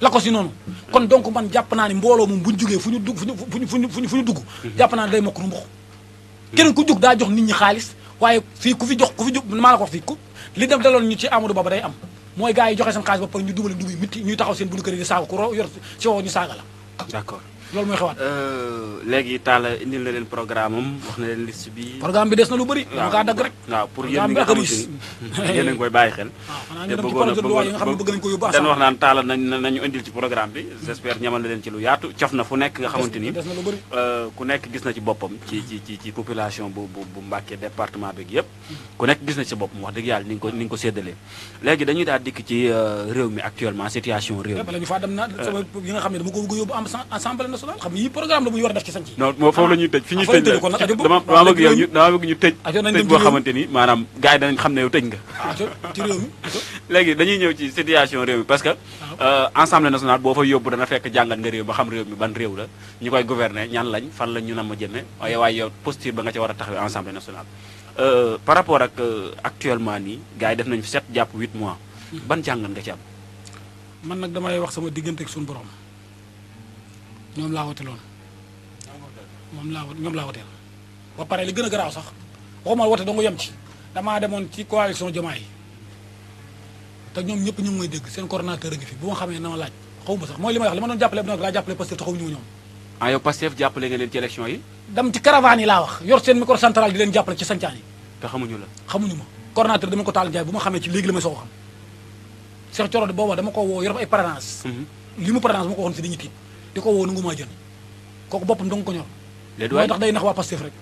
la si noonu kon donc man jàpp naa ne mbooloo moom bu ñu jugee fu ñu dugg fu ñu fu ñu fu ñu dugg jàpp naa ne day mokk rumbux keneen ku jug daa jox nit ñi xaalis waaye fii ku fi jox ku fi jug maa la ko wax fii ku li dem daloon ñu ci Amadou Ba ba day am mooy gars yi joxe seen xaalis ba pare ñu dubale dugg yi mitti ñuy taxaw seen buñu kër yi saaga ku ro yor si woo ñu saaga la d'accord loolu mooy xewaat. Euh, léegi Talla indil na leen programme wax na leen liste bi. programme bi des na lu bëri. waaw kaa dagg rek. waaw pour yéen ñi nga ah, xam ne bëgg nañu ko yóbbu dañu ci programme bi. j'espère ñamal na leen ci lu yaatu cof na fu na lu euh, na ci boppam. ci ci ci ci mm-hmm. ni ko ni nga ko séddalee. léegi dañuy euh, mi actuellement situation réew mi. Eh, national xam yi programme la bu ñu war a def ci sanc yi non moo foofu la ñuy tëj fi ñuy tëj boo xamante ni maanaam gars yi danañ xam ne yow tëj nga ah, léegi dañuy ñëw ci situation réew mi parce que ah. euh, assemblée nationale boo fa yóbbu dana fekk jàngat nga réew ba xam réew mi ban réew la ñu koy gouverner ñan lañ fan lañ ñu nam ma jëme waaye waaye yow posture ba nga ca war a taxawee assemblée nationale euh, par rapport ak euh, actuellement nii gaa yi def nañ fi 7 jàpp 8 mois hmm. ban jàngat nga ci am man nag damay wax sama diggante ak borom ñoom laa woteeloon moom laa ñoom laa woteel ba pare li gën a garaaw sax waxuma wote dong ci damaa demoon ci coalition Diomaye yi te ñoom ñëpp ñu ngi may dégg seen coordonnateur xamee na ma laaj xaw ma sax mooy li may wax li ah, leen ci élection yi dem ci caravane yi laa wax yor seen micro central ci sancaan yi te xamuñu la xamuñu ma coordonnateur dama ko taal jaay bu ma xamee ci léegi la may soo xam Cheikh Thioro dama ko woo yor ay parrainage mhm. li mu parrainage bu ma ko waxoon si dañuy tiit di ko woo nangu maa jën kooku boppam danga ko ñor moo tax day nax waa Pastef rek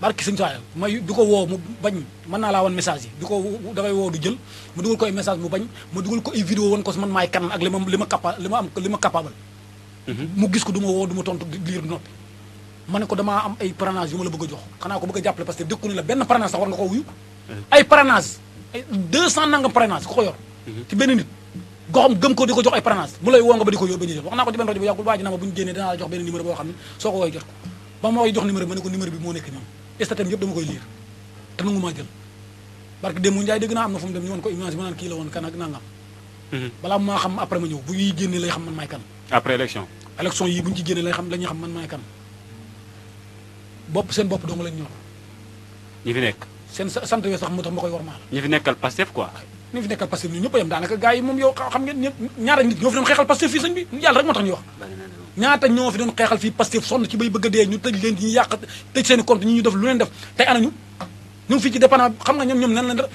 barki sëñ Saaya may du ko woo mu bañ mën naa laa wan message yi di ko dafay woo du jël mu dugal ko ay message mu bañ ma dugal ko ay vidéo wan ko man maay kan ak li ma li ma capa ma am li ma mhm. mu gis ko du ma woo du ma tontu liir du noppi ma ne ko damaa am ay parrainage yu ma la bëgg a jox xanaa ko bëgg a jàppale parce que dëkku ne la benn parrainage sax war nga ko wuyu mhm. ay parrainage ay 200 nangam parrainage ku ko yor mhm. ci benn nit goxam gëm ko di ko jox ay parrainage mu lay woo nga ba di ko yóbbu wax naa ko ci benn rajo bi yàggul waa ji na ma bu ñu génnee dinaa la jox benn numéro boo xam ne soo ko wooy jot ko ba ma koy jox numéro bi ma nekk naa am na fu dem ñu ma naan kii la woon kan ak nangam mhm. xam après ma ñëw bu ñuy génnee ñu ci génnee xam man maay kan bopp seen bopp dong lañ ñor ñi fi nekk seen sant wee sax moo tax ma koy war maa la fi nekkal Pastef quoi ni fi nekkal Pastef ñun ñëpp yam fii sëñ bi yàlla rek moo tax ñuy wax ñaata ñoo fi doon xeexal fii Pastef sonn ci bay bëgg a dee ñu tëj leen ñu yàq tëj seen compte ñu def lu leen def tey ana ñu ñu fii ci dépendant xam nga ñoom ñoom nan la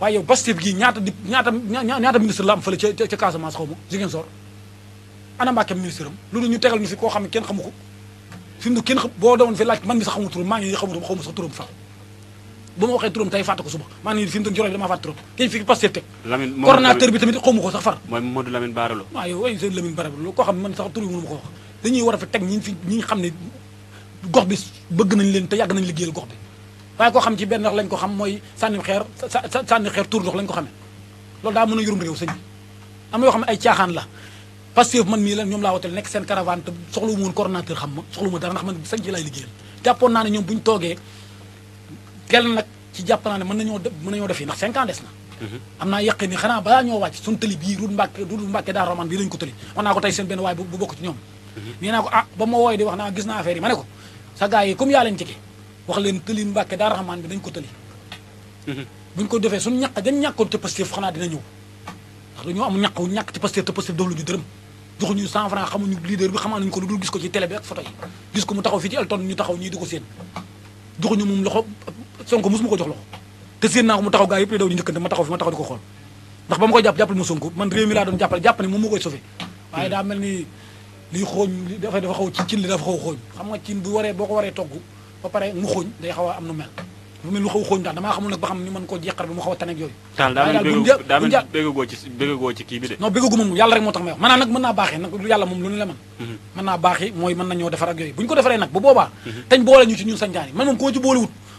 waaye yow Pastef gii ñaata ñaata ministre la am fële ca Casamance xaw ma Ziguinchor ana Mbàkke ministre am loolu ñu tegal ñu fi koo xam kenn xamu ko fi mu ne kenn boo doon fi laaj man mi sax xamu turam fa bu ma waxee turam tey fàtte ko man sax tur ko wax a fi teg ne gox bi bëgg nañ leen te yàgg nañ liggéeyal gox bi waaye koo xam ci benn lañ ko xam mooy sànni xeer sànni xeer tur ndox lañ ko xamee loolu daa mën a yorum réew sëñ bi am yoo xam ay caaxaan la Pastef man mii la ñoom laa wotel nekk seen caravane te soxlu woon coordonnateur xam ma soxlu ma dara ndax man sañ ci laay liggéeyal jàppoon naa ne ñoom bu ñu toogee teel nag ci jàpp naa ne mën nañoo def mën nañoo def yi ndax 5 des na mhm. am naa yaqin ni xanaa balaa ñoo wàcc suñu tëli bii rut daa roman bii lañu ko tëli wax naa ko tey seen benn waay bu bokk ci ñoom mhm. nee naa ko ah ba ma wooy di wax naa gis naa affaire yi ma ne ko sa gars yi comme yaa leen jege wax leen tëli mbàkke daa raxamaan bi dañ ko tëli mhm. buñu ko defee suñu ñàkk dañ ñàkkoon te Pastef xanaa dina ñëw ndax dañoo am ñàkk ñàkk lu dul gis ko ci télé Sonko mosuma ko jox loxo te séen naa ko mu taxaw gaa yëpp di daw ñu njëkkante ma taxaw fi ma taxaw di ko xool ndax ba ma koy jàpp jàppale ma Sonko man réew mi bu waree boo ko waree togg ba pare mu xooñ day xaw a am nu mel bu lu xooñ daal damaa xamul nag ba xam ñu mën koo jeexar bi mu xaw a tanek yooyu daal bëggagoo ci bëggagoo yàlla rek moo tax may wax maanaam nag mën naa baaxee nag yàlla moom lu ne la man mhm. naa baaxee mooy mën nañoo defar ak yooyu bu ñu ko defaree nag bu boobaa tañ mhm. boole ñu ci ñun sanjaar yi man moom koo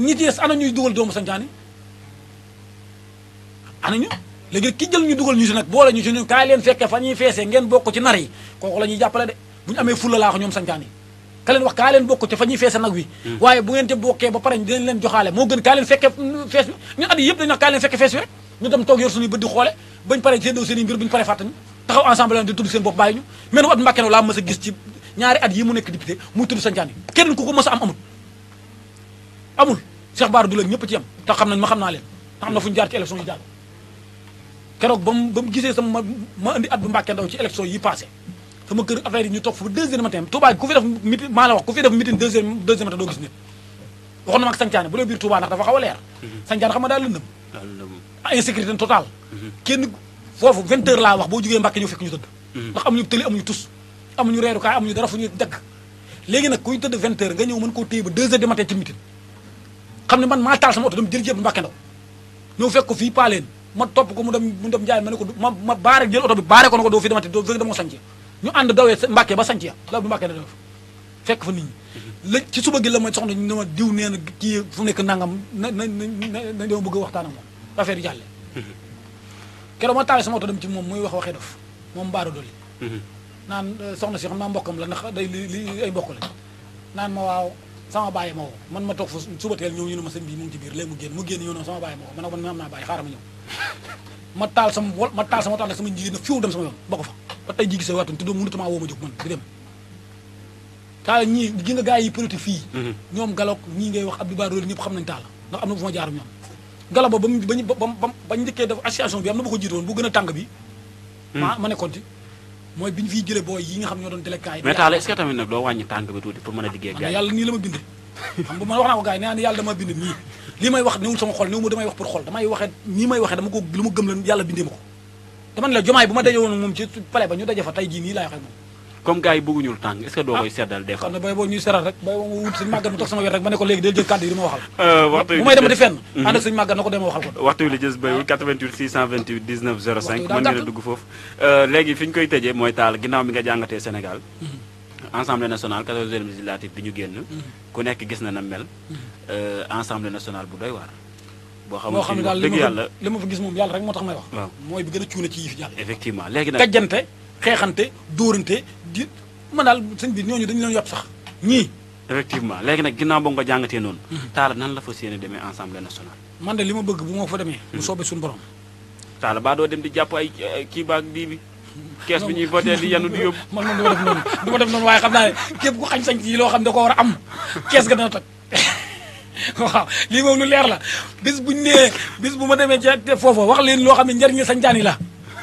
ñi ci des ana dugal doomu santaane ana ñu léegi nag ki jël ñu dugal ñu si nag boole ñu si ne kaay leen fekke fa ñuy feesee ngeen bokk ci nar yi kooku la ñuy jàppale de bu ñu amee fulla laa ko ñoom santaane ka leen wax kaa leen bokk ci fa ñuy feese nag wi hmm. waaye bu ngeen te bokkee ba pare dinañ leen joxaale moo gën kaa leen fekke fees bi ñu dem toog yor suñuy bët di xoole bañ pare seen doo seen i mbir bu ñu pare fàtte ñu taxaw ensemble leen di tudd seen bopp bàyyi gis ci at yi mu nekk député muy tudd santaane keneen ku ko mës a am Cheikh Bara la ñëpp ci yem te xam nañ ma xam naa leen te xam na fu ñu jaar ci élection yi jàll ba mu ba mu gisee sama ma indi at bu Mbàkke ci élection yi passé sama kër affaire yi ñu toog fa ba 2 heures matin Touba ku fi def meeting maa la wax ku fi def meeting 2 heures doo gis nit waxoon na ma ak bu dee biir Touba ndax dafa xaw a leer mhm. sancaane xam nga daal lëndëm ah, insécurité totale mhm. kenn foofu 20 laa wax boo jógee Mbàkke ñëw fekk ñu tëdd mhm. ndax amuñu tëli amuñu tus amuñu reerukaay amuñu dara fu ñuy dëkk léegi nag kuy tëdd 20 xam ne man maa taal sama oto dem jël jéb mbàkke ndaw ñëw fekk ko fii paaleen ma topp ko mu dem mu dem njaay ma ne ko ma ma baare jël oto bi baare ko na ko doo fi demati doo fekk dama ko na def fekk fa nit ñi mhm. la ci suba gi la may soxna ñu ma diw nee na kii fu nekk nangam na na na dama bëgg waxtaan ak moom affaire yi jàlle mhm. keroog ma taawee sama oto dem ci moom muy wax waxee dof moom baara dolli mhm. naan eh, soxna si xam naa mbokkam la ndax day li ay mbokk la ma waaw sama bàyyi ma woo man ma toog fa suba teel ñëw ñu ne ma sëñ bi mu ngi ci biir léegi mu génn mu génn ñëw ne sama bàyyi ma woo man nag man am naa bàyyi xaaral ma ñëw ma taal sama wol ma taal sama taal nag sama njiit na fiw dem sama yoon bokk fa ba tey ji gisee waatun te doo mënutuma woo ma jóg man di dem taal ñii gi nga yi politique fii mhm. ñoom galok ñii ngay wax Abdou Bara Dolly ñëpp xam nañ taal ndax am na bu ma ñoom galo ba ba bañ ba bañ njëkkee def association bi am na ba ko jiitoon bu gën a tàng bi hmm. ma ma nekkoon ci mooy bi ñu fiy jëlee booy yi nga xam ñoo doon délégué. mais taal est tamit nag doo wàññi tànk bi tuuti pour mën a liggéey ak ah, yàlla nii la ma bind xam nga man wax naa ko gars yi nee na yàlla dama bind nii lii may wax newul sama xol néew ma damay wax pour xol damay waxee nii may waxee dama ko lu ma gëm la yàlla bindee ma ko dama ne la jomaay bu ma daje woon moom ci palais ba ñu daje fa tey jii nii laay waxee moom comme gars yi bëgguñu lu tàng est-ce que doo ah. koy seddal des fois xam ne bay boo ñuy seral rek bay boo ko léegi del jël kàddu yi di ma waxal euh, waxtu bu may dem di fenn mhm. ànd ak suñu na ko dem waxal ko waxtu bi li jës bayul 88 628 19 05 mën ngeen a dugg foofu euh, léegi fi ñu koy tëjee mooy taal ginnaaw bi nga jàngatee Sénégal mhm. Assemblée nationale 14e législative bi ñu génn mhm. ku nekk gis na na mel euh, Assemblée nationale bu doy waar boo xam ne daal li ma fa moo tax may wax mooy bi léegi nag kajjante xeexante dóorante di man daal sëñ bi ñooñu dañu leen yàpp sax ñii effectivement léegi nag ginnaaw ba nga ko jàngatee noonu hmm. taala nan la fa séene demee assemblée nationale man de li ma bëgg bu ma fa demee bu hmm. soobee suñu borom taala baa dem di jàpp ay kii baak dii bi hmm. kees bi ñuy voté di yanu di ma def noonu du ma def xam naa ne képp xañ sañ ci loo xam ne da ko war a am kees ga dana toj waaw lii moom lu leer la bis buñu nee bis bu ma demee ci foofa wax leen loo xam ne njëriñu sañ jaani la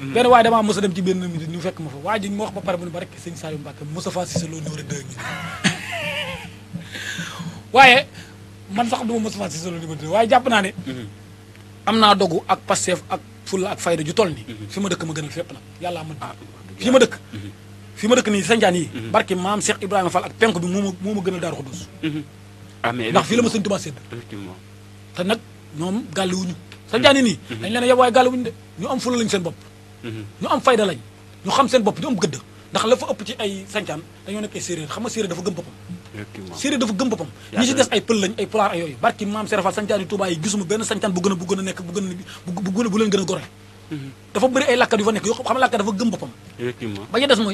Mhm. benn waaye damaa mos a dem ci benn midi ñu fekk ma fa waa ji mu wax ba pare mu ne ba waaye man sax duma Moustapha Cissé Lo numéro jàpp naa ne mhm. am naa dogu ak Pastef ak fulla ak fayda ju toll ni mhm. fi ma dëkk ma gënal fépp nag yàllaa ma ah, fi ma dëkk fi ma dëkk nii sanjaan yi barke maam Cheikh Ibrahima Fall ak penk bi moo ma moo ma gënal Daaru Xudoos ah, ndax fii la ma sëñ Tuubaa sédd te nag ñoom gàlluwuñu sanjaan yi nii dañ leen yeb waaye gàlluwuñu de ñu am fulla lañu seen bopp ñu am fayda lañ ñu xam seen bopp ñu am gëdd ndax la fa ëpp ci ay sañcaan dañoo nekk séeréer xam nga séeréer dafa gëm boppam séeréer dafa gëm boppam ñi ci des ay pël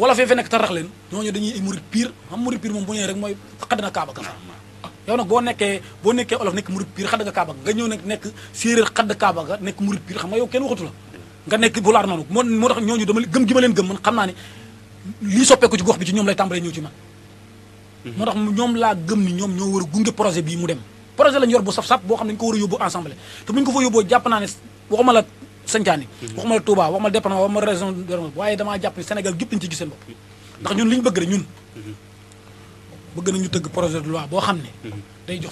yooyu a fee nekk tarax leen ñooñu dañuy murit piir xam murit piir xadd nga kaaba nga ñëw nekk séeréer xadd kaaba nekk murit piir xam nga yow kenn waxatu la nga nekk bu laar noonu moo tax ñooñu dama gëm gi leen gëm man xam naa ne lii soppeeku ci gox bi ci ñoom lay tàmbalee ñëw ci man mhm. moo tax ñoom laa gëm ni ñoom ñoo war gunge projet bii mu dem projet lañ yor bu saf-saf boo xam ne dañu ko war a yóbbu ensemble te bu ñu ko fa yóbboo jàpp naa ne waxuma la sancaani mhm. waxuma la Touba waxuma la département waxuma la région waaye damaa jàpp ni Sénégal gépp lañ ci gis bopp ndax ñun li ñu bëgg rek ñu mhm. bëgg nañu tëgg projet de loi boo xam ne day jox